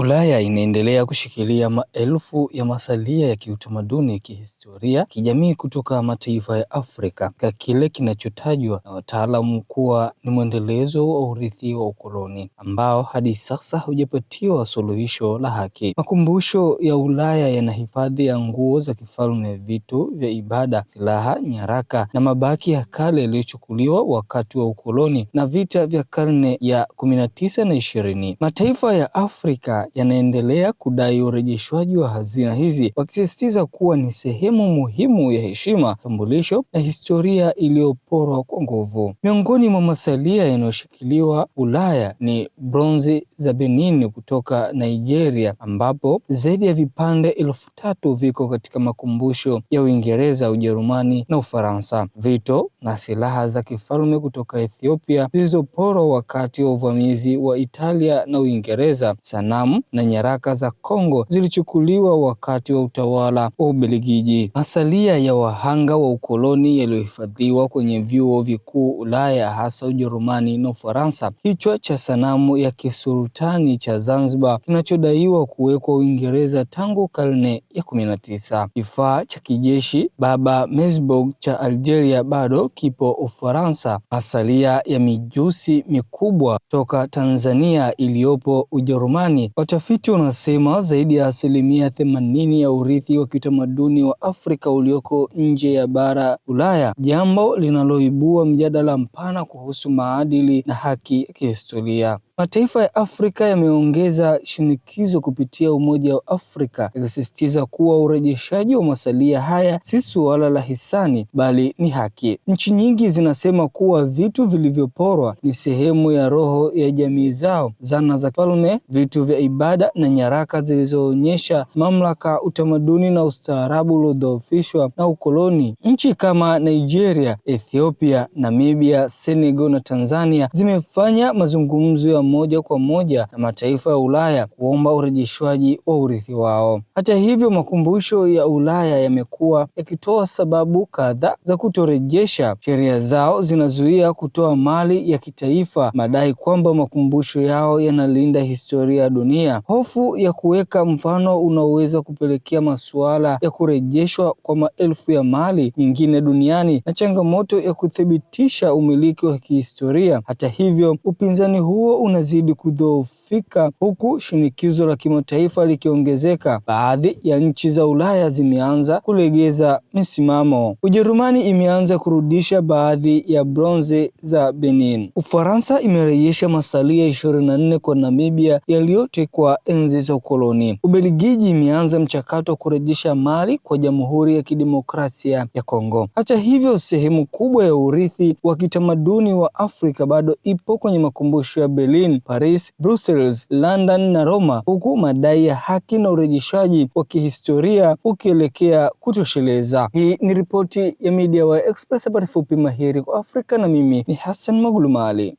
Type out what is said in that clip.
Ulaya inaendelea kushikilia maelfu ya masalia ya kiutamaduni, kihistoria, kijamii kutoka mataifa ya Afrika ka kile kinachotajwa na wataalamu kuwa ni mwendelezo wa urithi wa ukoloni ambao hadi sasa hujapatiwa suluhisho la haki. Makumbusho ya Ulaya yana hifadhi ya nguo za kifalme, vitu vya ibada, silaha, nyaraka na mabaki ya kale yaliyochukuliwa wakati wa ukoloni na vita vya karne ya kumi na tisa na ishirini. Mataifa ya Afrika yanaendelea kudai urejeshwaji wa hazina hizi, wakisisitiza kuwa ni sehemu muhimu ya heshima, tambulisho na historia iliyoporwa kwa nguvu. Miongoni mwa masalia yanayoshikiliwa Ulaya ni bronzi za Benin kutoka Nigeria, ambapo zaidi ya vipande elfu tatu viko katika makumbusho ya Uingereza, Ujerumani na Ufaransa. Vito na silaha za kifalme kutoka Ethiopia zilizoporwa wakati wa uvamizi wa Italia na Uingereza, sanamu na nyaraka za Kongo zilichukuliwa wakati wa utawala wa Ubelgiji. Masalia ya wahanga wa ukoloni yaliyohifadhiwa kwenye vyuo vikuu Ulaya, hasa Ujerumani na Ufaransa. Kichwa cha sanamu ya kisultani cha Zanzibar kinachodaiwa kuwekwa Uingereza tangu karne ya 19. Kifaa cha kijeshi Baba Mesbog cha Algeria bado kipo Ufaransa. Masalia ya mijusi mikubwa toka Tanzania iliyopo Ujerumani Watafiti wanasema zaidi ya asilimia themanini ya urithi wa kitamaduni wa Afrika ulioko nje ya bara Ulaya, jambo linaloibua mjadala mpana kuhusu maadili na haki ya kihistoria. Mataifa ya Afrika yameongeza shinikizo kupitia Umoja wa Afrika yakisisitiza kuwa urejeshaji wa masalia haya si suala la hisani bali ni haki. Nchi nyingi zinasema kuwa vitu vilivyoporwa ni sehemu ya roho ya jamii zao, zana za falme, vitu vya ibada na nyaraka zilizoonyesha mamlaka, utamaduni na ustaarabu uliodhoofishwa na ukoloni. Nchi kama Nigeria, Ethiopia, Namibia, Senegal na Tanzania zimefanya mazungumzo ya moja kwa moja na mataifa ya Ulaya kuomba urejeshwaji wa urithi wao. Hata hivyo, makumbusho ya Ulaya yamekuwa yakitoa sababu kadhaa za kutorejesha. Sheria zao zinazuia kutoa mali ya kitaifa, madai kwamba makumbusho yao yanalinda historia ya dunia, hofu ya kuweka mfano unaoweza kupelekea masuala ya kurejeshwa kwa maelfu ya mali nyingine duniani na changamoto ya kuthibitisha umiliki wa kihistoria. Hata hivyo, upinzani huo una yanazidi kudhoofika huku shinikizo la kimataifa likiongezeka. Baadhi ya nchi za Ulaya zimeanza kulegeza misimamo. Ujerumani imeanza kurudisha baadhi ya bronze za Benin. Ufaransa imerejesha masalia ishirini na nne kwa Namibia yaliyotekwa enzi za ukoloni. Ubelgiji imeanza mchakato wa kurejesha mali kwa Jamhuri ya Kidemokrasia ya Kongo. Hata hivyo, sehemu kubwa ya urithi wa kitamaduni wa Afrika bado ipo kwenye makumbusho ya Berlin Berlin, Paris, Brussels, London na Roma, huku madai ya haki na urejeshaji wa kihistoria ukielekea kutosheleza. Hii ni ripoti ya Media wa Express, habari fupi mahiri kwa Afrika, na mimi ni Hassan Maglumali.